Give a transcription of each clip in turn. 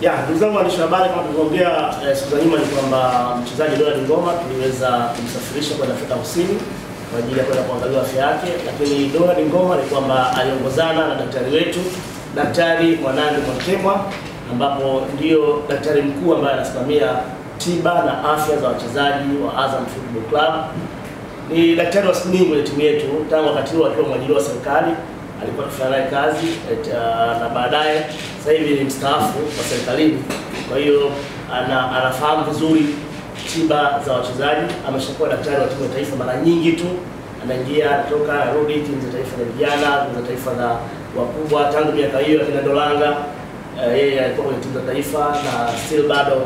Ya, ndugu zangu waandishi habari, kama tulivyoongea eh, siku za nyuma ni kwamba mchezaji Donald Ngoma tuliweza kumsafirisha kwenda Afrika Kusini kwa ajili ya kwenda kuangaliwa afya yake, lakini Donald Ngoma ni kwamba aliongozana na daktari wetu Daktari Mwanani Mwakemwa ambapo ndiyo daktari mkuu ambaye anasimamia tiba na afya za wachezaji wa Azam Football Club. Ni daktari wa siku nyingi kwenye timu yetu, tangu wakati huo akiwa mwajiri wa serikali alikuwa tufanya naye kazi et, uh, na baadaye sasa hivi ni mstaafu wa serikalini, kwa hiyo ana, anafahamu vizuri tiba za wachezaji. Ameshakuwa daktari wa timu ya taifa mara nyingi tu, anaingia anatoka, anarudi timu za taifa za vijana, timu za taifa za wakubwa. Tangu miaka hiyo akina Dolanga eh, yeye alikuwa kwenye timu za taifa na still bado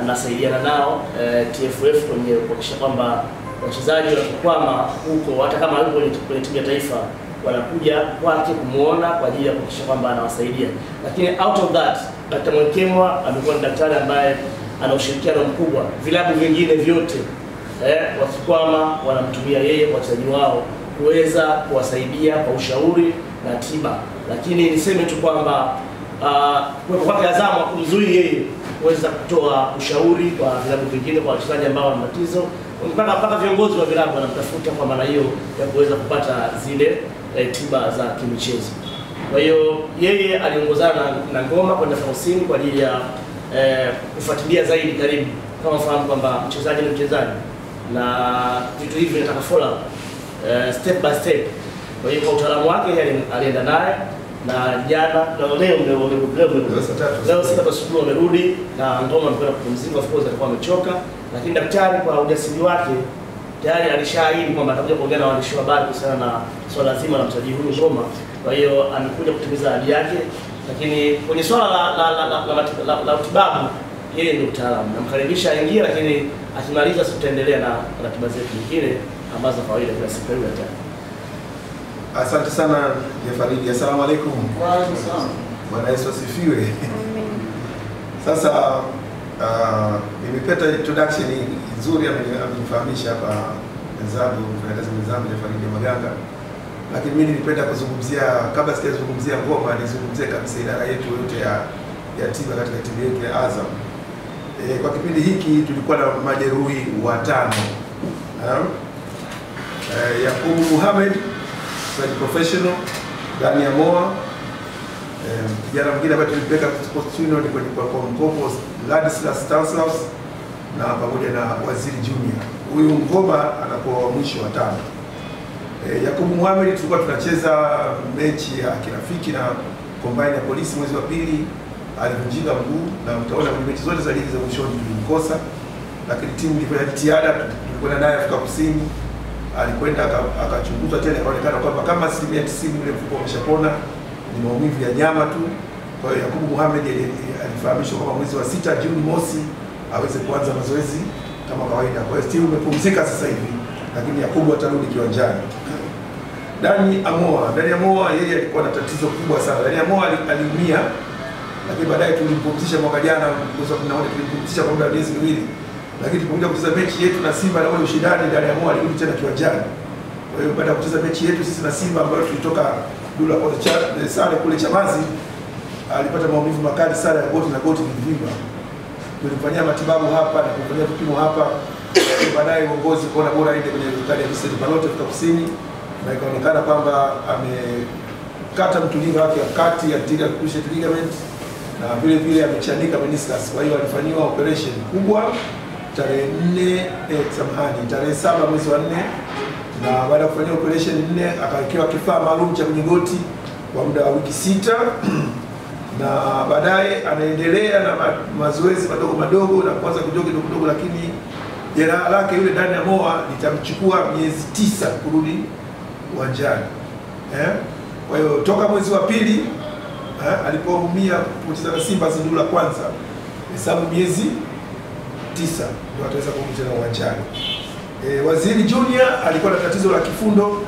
anasaidiana nao uh, eh, TFF kwenye kuhakikisha kwamba wachezaji wanapokwama huko, hata kama yuko kwenye timu ya taifa wanakuja kwake kumwona kwa ajili ya kuhakikisha kwamba anawasaidia. Lakini out of that, Dkt. Mwakemwa amekuwa ni daktari ambaye ana ushirikiano mkubwa, vilabu vingine vyote eh, wakikwama wanamtumia yeye kwa wachezaji wao kuweza kuwasaidia kwa ushauri na tiba. Lakini niseme tu kwamba ah, kuwepo kwake Azam kumzuri yeye kuweza kutoa ushauri kwa vilabu vingine, kwa wachezaji ambao wana matatizo mpaka mpaka viongozi wa vilabu wanamtafuta kwa maana hiyo ya kuweza kupata zile Eh, tiba za kimichezo. Kwa hiyo yeye aliongozana na, na Ngoma kwenda Fausini kwa ajili ya eh, kufuatilia zaidi karibu, kama fahamu kwamba mchezaji ni mchezaji na vitu hivi vinataka follow eh, step by step. Kwa hiyo kwa utaalamu wake alienda naye na jana na leo leo sita asubuhi wamerudi na Ngoma amekwenda kupumzika, of course alikuwa amechoka, lakini daktari kwa ujasiri wake tayari alishaahidi kwamba atakuja kuongea na waandishi wa habari kuhusiana na swala zima la mtaji huyu Ngoma. Kwa hiyo amekuja kutimiza ahadi yake, lakini kwenye swala la la la, la, la, la, la utibabu yeye ndio mtaalamu, namkaribisha aingie, lakini akimaliza tutaendelea na ratiba zetu nyingine ambazo kawaida kila siku hiyo tena. Asante sana Jafaridi, assalamu alaikum. Wa Bwana Yesu asifiwe. Amen. Sasa Uh, nimepata introduction nzuri amenifahamisha hapa mwenzangu mfanyakazi mwenzangu Jafaridi Maganga, lakini mimi nilipenda kuzungumzia, kabla sijazungumzia ngoma, nizungumzie kabisa idara yetu yote ya, ya tiba katika timu yetu ya Azam. E, kwa kipindi hiki tulikuwa na majeruhi watano uh, e, Yakubu Muhammad Said professional Dani Moa, e, kijana mwingine ambaye tulimpeleka kwa mkopo Ladislas Stanislaus na pamoja na Waziri Junior. Huyu Ngoma anakuwa wa mwisho wa tano. E, Yakubu Muhamed tulikuwa tunacheza mechi ya kirafiki na kombaini ya polisi mwezi wa pili, alivunjika mguu na mtaona kwenye mechi zote za ligi za mwishoni tulimkosa, lakini timu ilifanya jitihada, tulikwenda naye Afrika Kusini, alikwenda akachunguzwa tena, ikaonekana kwamba kama asilimia tisini ule mfuko umeshapona, ni maumivu ya nyama tu. Kwa hiyo Yakubu Mohamed alifahamishwa kwamba mwezi wa sita Juni mosi aweze kuanza mazoezi kama kawaida. Kwa hiyo timu imepumzika sasa hivi, lakini Yakubu atarudi kiwanjani. Dani Amoa, Dani Amoa yeye alikuwa na tatizo kubwa sana. Dani Amoa aliumia, lakini baadaye tulimpumzisha mwaka jana mwezi wa 14 tulimpumzisha kwa muda wa miezi miwili. Lakini tulipokuja kucheza mechi yetu na Simba na wale ushindani, Dani Amoa alirudi tena kiwanjani. Kwa hiyo baada ya kucheza mechi yetu sisi na Simba ambayo tulitoka dula kwa eh, sare kule Chamazi alipata maumivu makali sana ya goti na goti lilivimba. Tulifanyia matibabu hapa na kufanyia vipimo hapa, baadaye uongozi kuona bora aende kwenye hospitali ya Vincent Palote Afrika Kusini, na ikaonekana kwamba amekata mtulingo wake wa kati anterior cruciate ligament na vile vile amechanika meniscus. Kwa hiyo alifanyiwa operation kubwa tarehe nne eh, samahani, tarehe saba mwezi wa nne na baada ya kufanyia operation nne akawekewa kifaa maalum cha kwenye goti kwa muda wa wiki sita na baadaye anaendelea na ma mazoezi madogo madogo na kuanza kujua kidogo kidogo, lakini jeraha lake yule ndani ya moa litamchukua miezi tisa kurudi uwanjani eh? Kwa hiyo toka mwezi wa pili eh, alipoumia kucheza na Simba zindu la kwanza, hesabu miezi tisa ndio ataweza kurudi tena uwanjani. E, Waziri Junior alikuwa na tatizo la kifundo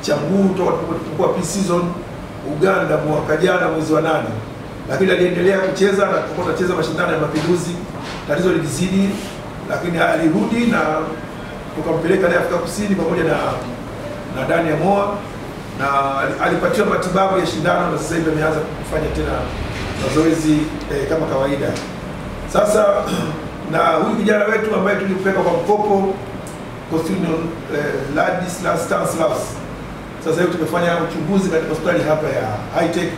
cha mguu toka tulipokuwa pre season Uganda mwaka jana mwezi wa nane lakini aliendelea kucheza na tulipokuwa tunacheza mashindano ya Mapinduzi, tatizo lilizidi, lakini alirudi na tukampeleka naye Afrika Kusini pamoja na na Daniel Moa na alipatiwa matibabu ya shindano na sasa hivi ameanza kufanya tena mazoezi eh, kama kawaida. Sasa na huyu kijana wetu ambaye tulimpeka kwa mkopo Costino eh, Ladislas Stanislas, sasa hivi tumefanya uchunguzi katika hospitali hapa ya High Tech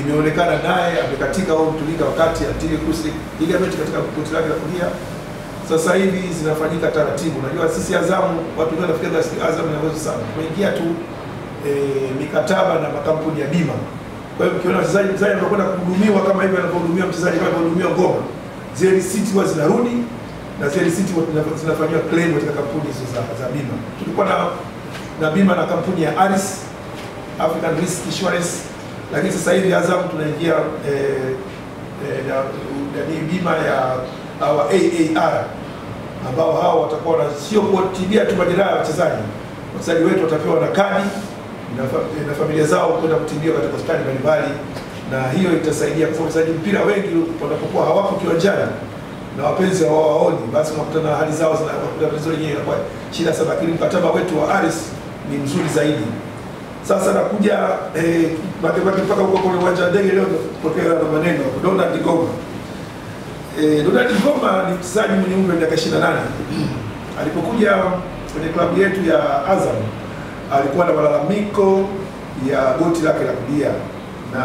imeonekana naye amekatika au mtulika wakati antiikusi ile mechi katika koti lake la kulia. Sasa hivi zinafanyika taratibu. Unajua sisi Azamu watu wengi wanafikiri Azamu ina uwezo sana, tumeingia tu e, mikataba na makampuni ya bima. Kwa hiyo ukiona mchezaji mchezaji anakwenda kuhudumiwa kama hivi anavyohudumiwa mchezaji kama anavyohudumiwa ngoma, zile risiti huwa zinarudi na zile risiti zinafanywa claim katika kampuni hizo za, za bima. Tulikuwa na na bima na kampuni ya Aris African Risk Insurance lakini sasa hivi Azam tunaingia eh, eh bima ya awa AAR ambao hao watakuwa na sio kutibia tu majeraha ya wachezaji. Wachezaji wetu watapewa na kadi na eh, familia zao kwenda kutimbia katika hospitali mbalimbali, na hiyo itasaidia kwa wachezaji mpira wengi wanapokuwa hawako kiwanjani na wapenzi wao waoni, basi unakuta hali zao zinakuwa tatizo lenyewe inakuwa shida sana, lakini mkataba wetu wa Aris ni mzuri zaidi. Sasa nakuja eh, matemati mpaka huko kwenye uwanja wa ndege leo kupokea na maneno Donald Goma. Eh, Donald Goma ni mchezaji mwenye umri wa miaka 28. Alipokuja kwenye klabu yetu ya Azam alikuwa na malalamiko ya goti lake la kulia na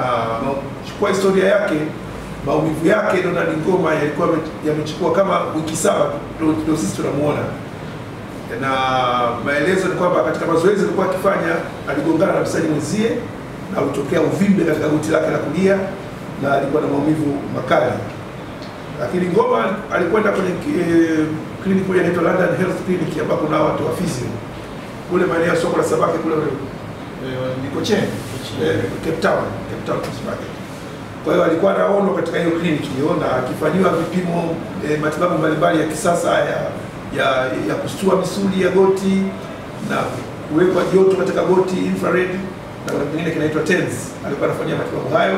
chukua historia yake maumivu yake Donald Ngoma yalikuwa yamechukua kama wiki saba ndio sisi tunamuona na maelezo ni kwamba katika mazoezi alikuwa akifanya aligongana na msanii mwenzie na alitokea uvimbe katika goti lake la kulia na alikuwa na maumivu makali. Lakini Ngoma alikwenda kwenye kliniki eh, moja inaitwa London Health Clinic ambako na watu wa physio kule maeneo ya soko la Sabaki kule Mikocheni, eh, eh, Cape Town, Cape Town Sabaki. Kwa hiyo alikuwa anaonwa katika hiyo kliniki na akifanyiwa vipimo, matibabu mbalimbali ya kisasa ya ya, ya kustua misuli ya goti na kuwekwa joto katika goti infrared na kuna kingine kinaitwa TENS. Alikuwa anafanyia matibabu hayo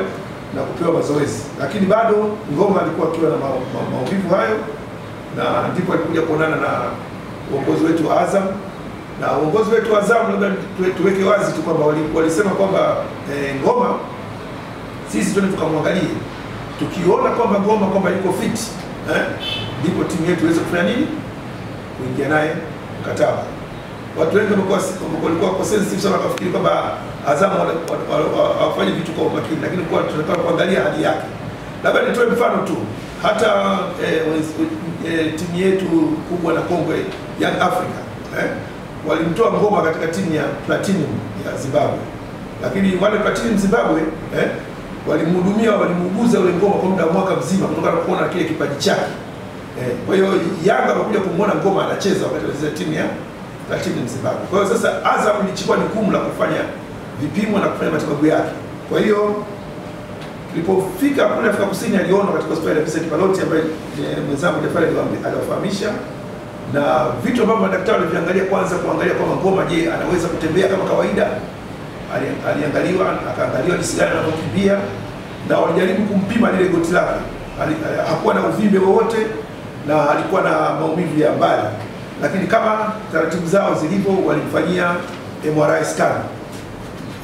na kupewa mazoezi, lakini bado Ngoma alikuwa akiwa na maumivu ma, ma, hayo, na ndipo alikuja kuonana na uongozi wetu wa Azam na uongozi wetu wa Azam. Labda tuweke wazi tu kwamba walisema kwamba eh, Ngoma sisi tuende tukamwangalie, tukiona kwamba Ngoma kwamba yuko fit eh, ndipo timu yetu iweze kufanya nini kuingia naye mkataba. Watu wengi walikuwa kwa sensitive sana, wakafikiri kwamba Azam wafanye vitu kwa umakini, lakini kwa tunataka kuangalia hali yake. Labda nitoe mfano tu, hata eh, eh, timu yetu kubwa na kongwe Young Africa eh, walimtoa Ngoma katika timu ya Platinum ya Zimbabwe, lakini wale Platinum Zimbabwe eh, walimhudumia, walimuuguza ule Ngoma kwa muda wa mwaka mzima, kutokana na kuona kile kipaji chake Eh, kwa hiyo Yanga amekuja kumwona Ngoma anacheza wakati anacheza timu ya Platinum Zimbabwe. Kwa hiyo sasa Azam ilichukua jukumu la kufanya vipimo na kufanya matibabu yake. Kwa hiyo tulipofika kule Afrika Kusini aliona katika hospitali ya Vincent Paloti ambaye eh, mwenzangu Jafari aliwafahamisha na vitu ambavyo madaktari waliviangalia, kwanza kuangalia kwa Ngoma, je, anaweza kutembea kama kawaida? Aliangaliwa, akaangaliwa jinsi gani anavyokimbia, na walijaribu kumpima lile goti lake, eh, hakuwa na uvimbe wowote na alikuwa na maumivu ya mbali, lakini kama taratibu zao zilivyo walimfanyia MRI scan.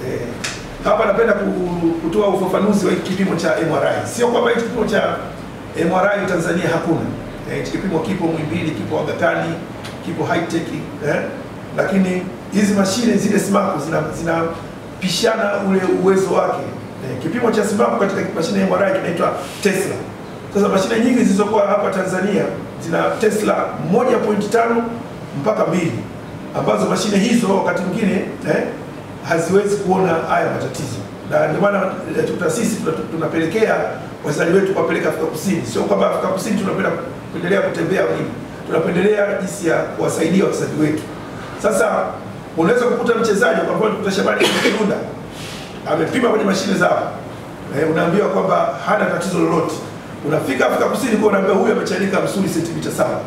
Eh, hapa napenda kutoa ufafanuzi wa kipimo cha MRI. Sio kwamba hiki kipimo cha MRI Tanzania hakuna. Eh, kipimo kipo Muhimbili, kipo Aga Khan, kipo high tech eh? Lakini hizi mashine zile SMARCO zinapishana zina ule uwezo wake. Eh, kipimo cha SMARCO katika mashine ya MRI kinaitwa Tesla. Sasa mashine nyingi zilizokuwa hapa Tanzania zina Tesla 1.5 mpaka 2 ambazo mashine hizo wakati mwingine eh, haziwezi kuona haya matatizo, na ndio maana sisi tunapelekea wazali wetu kuwapeleka Afrika Kusini. Sio kwamba Afrika Kusini tunapenda kuendelea kutembea wengi, tunapendelea jinsi ya kuwasaidia wazali wetu. Sasa unaweza kukuta mchezaji kwa mfano kukuta Shabani Kidunda amepima kwenye mashine zao eh, unaambiwa kwamba hana tatizo lolote. Unafika Afrika Kusini kwa unaambia huyu amechanika msuli sentimita saba.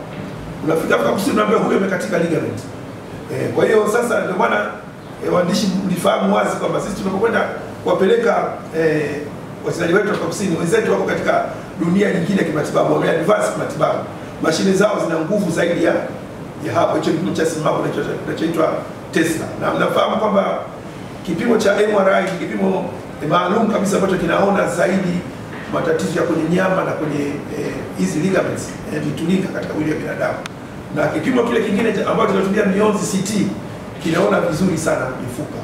Unafika Afrika Kusini unaambia huyu amekatika ligament. E, kwa hiyo sasa ndio maana e, waandishi mlifahamu wazi kwamba sisi tunapokwenda kuwapeleka e, wachezaji wetu Afrika Kusini, wenzetu wako katika dunia nyingine ya kimatibabu, wameadvance kimatibabu, mashine zao zina nguvu zaidi ya ya hapo. Hicho kipimo cha simavu kinachoitwa Tesla, na mnafahamu kwamba kipimo cha MRI kipimo maalum kabisa ambacho kinaona zaidi matatizo ya kwenye nyama na kwenye eh, hizi eh, ligaments eh, vitulika katika mwili wa binadamu, na kipimo kile kingine ambacho tunatumia mionzi CT kinaona vizuri sana mifupa.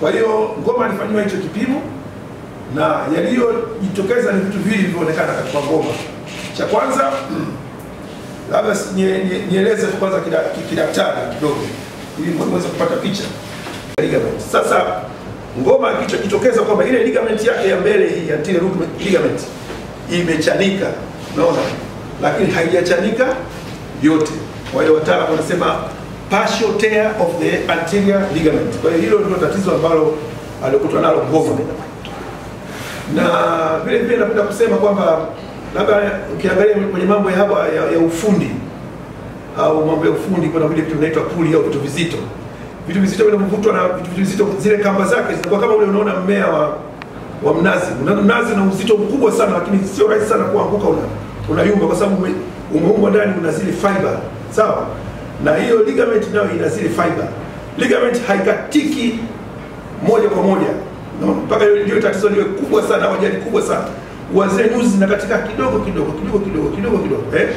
Kwa hiyo Ngoma alifanyiwa hicho kipimo na yaliyojitokeza ni vitu viwili vilivyoonekana katika Ngoma. Cha kwanza labda nieleze kwanza kidaktari kidogo, ili mweze kupata picha Sasa Ngoma kitokeza kwamba ile ligament yake ya mbele hii ya anterior root ligament imechanika, unaona, lakini haijachanika yote. Kwa hiyo wataalamu wanasema partial tear of the anterior ligament. Kwa hiyo hilo ndio tatizo ambalo alikutwa nalo Ngoma, na vile vile napenda kusema kwamba labda ukiangalia kwenye mambo ya hapa ya, ya ufundi au mambo ya ufundi kuna vile vitu vinaitwa puli au vitu vizito vitu vizito vinavyovutwa na vitu vizito, zile kamba zake zinakuwa kama ule unaona mmea wa wa mnazi. Mnazi una uzito mkubwa sana, lakini sio rahisi sana kuanguka, una unayumba kwa sababu umeumbwa ndani una zile fiber, sawa? Na hiyo ligament nayo ina zile fiber. Ligament haikatiki moja kwa moja, mpaka no, ndio tatizo liwe kubwa sana au ajali kubwa sana wazee nyuzi zinakatika kidogo kidogo kidogo kidogo kidogo kidogo eh,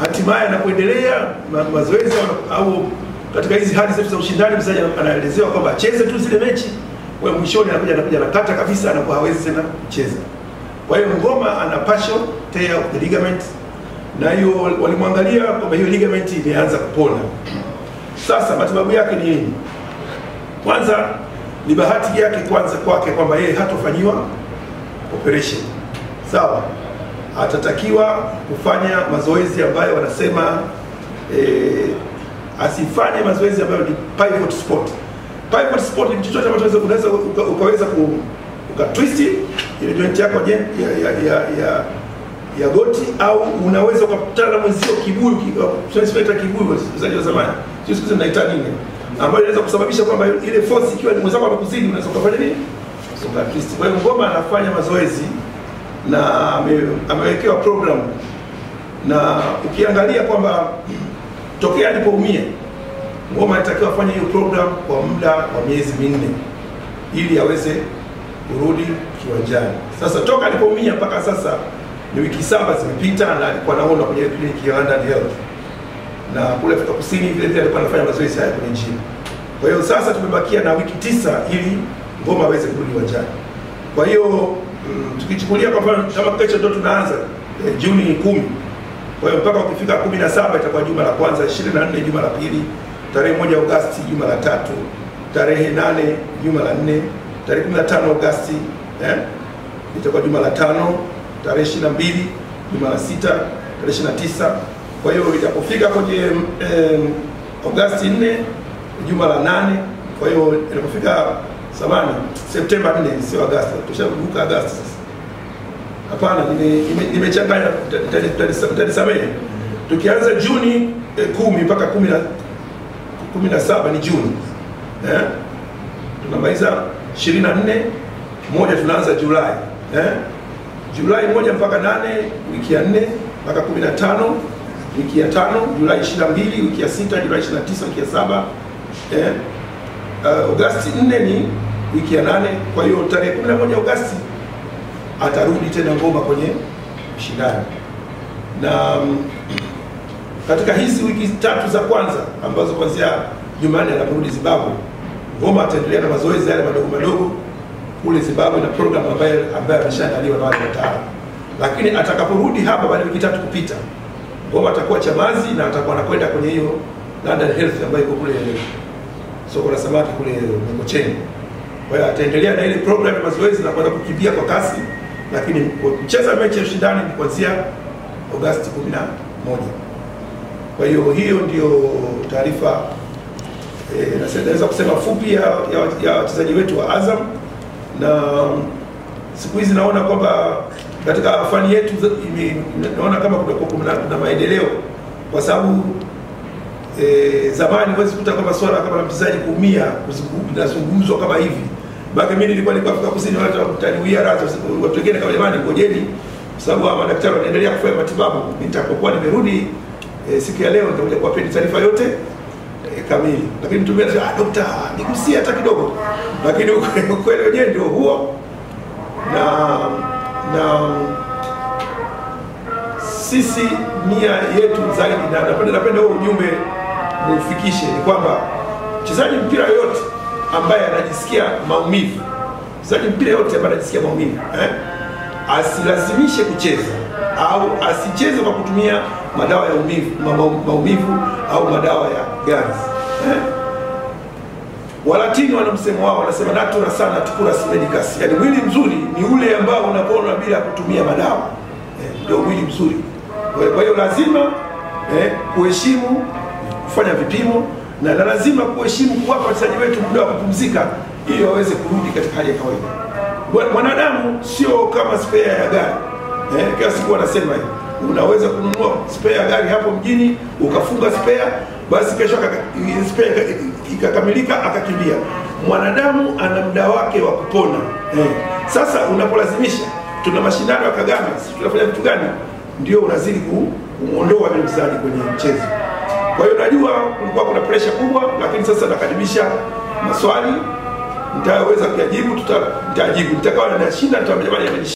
hatimaye anapoendelea ma, mazoezi au katika hizi hali zetu za ushindani, mchezaji anaelezewa kwamba acheze tu zile mechi, wewe mwishoni anakuja anakuja kata kabisa, anakuwa hawezi tena kucheza. Kwa hiyo Ngoma ana partial tear of the ligament, na hiyo walimwangalia kwamba hiyo ligament imeanza kupona. Sasa matibabu yake ni nini? Kwanza ni bahati yake kwanza kwake kwamba yeye hatofanyiwa operation, sawa. Atatakiwa kufanya mazoezi ambayo wanasema eh, asifanye mazoezi ambayo ni pivot sport. Pivot sport ni chochote ambacho unaweza ukaweza ku ukatwist ile joint yako je ya, ya, ya, ya ya goti au unaweza ukakutana na mwenzio kibuyu, uh, tunaita kibuyu wachezaji wa zamani, sio siku naita nini, ambayo inaweza kusababisha kwamba ile force ikiwa ni mwenzako anakuzidi, unaweza kufanya nini, soka twist. Kwa hiyo ngoma anafanya mazoezi na amewekewa program, na ukiangalia kwamba Tokea alipoumia Ngoma alitakiwa afanye hiyo program kwa muda wa miezi minne ili aweze kurudi kiwanjani. Sasa toka alipoumia mpaka sasa ni wiki saba zimepita, na alikuwa naona kwenye kliniki ya London Health na kule Afrika Kusini vile vile alikuwa anafanya mazoezi haya kwenye gym. Kwa hiyo sasa tumebakia na wiki tisa ili Ngoma aweze kurudi uwanjani. Kwa hiyo mm, tukichukulia kwa mfano kama kesho ndio tunaanza eh, Juni kumi kwa hiyo mpaka ukifika 17 itakuwa juma la kwanza, 24 juma la pili, tarehe moja Agosti juma la tatu, tarehe nane juma la nne, tarehe 15 Agosti eh, itakuwa juma la tano, tarehe 22 juma la sita, tarehe 29. Kwa hiyo itapofika kwenye Agosti nne juma la nane, kwa hiyo inapofika samani Septemba 4 sio Agosti, tushavuka Agosti sasa Hapana, nimechanganya, mtanisamehe. Tukianza Juni eh, kumi mpaka kumi na saba ni Juni eh? tunamaliza ishirini na nne moja tunaanza Julai eh? Julai moja mpaka nane wiki ya nne mpaka kumi na tano wiki ya tano Julai ishirini na mbili wiki ya sita Julai ishirini na tisa wiki ya saba eh? Uh, Agosti nne ni wiki ya nane. Kwa hiyo tarehe kumi na moja Agosti atarudi tena Ngoma kwenye mshindano na mm, katika hizi wiki tatu za kwanza ambazo kuanzia Jumanne anaporudi Zimbabwe, Ngoma ataendelea na mazoezi yale madogo madogo kule Zimbabwe na program ambayo ambayo ameshaandaliwa na wale wataalamu, lakini atakaporudi hapa baada ya wiki tatu kupita, Ngoma atakuwa Chamazi na atakuwa anakwenda kwenye hiyo London Health ambayo iko kule soko la samaki kule Mkocheni. Kwa hiyo ataendelea na ile program ya mazoezi na kwenda kukimbia kwa kasi lakini kucheza mechi ya ushindani ni kuanzia Agosti 11. Kwa hiyo hiyo ndio taarifa e, naweza kusema fupi ya, ya, ya wachezaji wetu wa Azam na um, siku hizi naona kwamba katika fani yetu imi, naona kama kuna, kuna maendeleo kwa sababu e, zamani huwezi kuta kama swala kama mchezaji kuumia kuzungumzwa kama hivi Baki mimi nilikuwa niko Afrika Kusini, wale wataniwia raza, watu wengine kama jamani, ngojeni, kwa sababu hawa ah, madaktari wanaendelea kufanya matibabu. Nitakapokuwa nimerudi e, siku ya leo nitakuja kuwapeni taarifa yote e, kamili. Lakini mtu mwingine ah, dokta nigusie hata kidogo, lakini ukweli wenyewe ndio huo na na sisi nia yetu zaidi, na napenda napenda huo ujumbe mufikishe, ni kwamba mchezaji mpira yote ambaye anajisikia maumivu, mchezaji mpira yote ambaye anajisikia maumivu eh, asilazimishe kucheza au asicheze kwa kutumia madawa ya umivu, ma, ma, maumivu au madawa ya gas eh. Walatini wana msemo wao, wanasema natura sana tukura medicas, yaani mwili mzuri ni ule ambao unapona bila kutumia madawa eh? ndio eh, mwili mzuri. Kwa hiyo lazima eh, kuheshimu, kufanya vipimo na, lazima kuheshimu kuwapa wachezaji wetu muda wa kupumzika ili waweze kurudi katika hali ya kawaida. Mwanadamu sio kama spare ya gari eh, kila siku wanasema hivi unaweza kununua spare ya gari hapo mjini ukafunga spare, basi kesho spare ikakamilika akakimbia. Mwanadamu ana muda wake wa kupona eh. Sasa unapolazimisha tuna mashindano ya Kagame, tunafanya vitu gani, ndio unazidi kumwondoa mchezaji kwenye mchezo. Kwa hiyo najua kulikuwa kuna presha kubwa, lakini sasa nakaribisha maswali, nitaweza kuyajibu, tutajibu. nitakawa nashinda, nitamjamani amenishinda.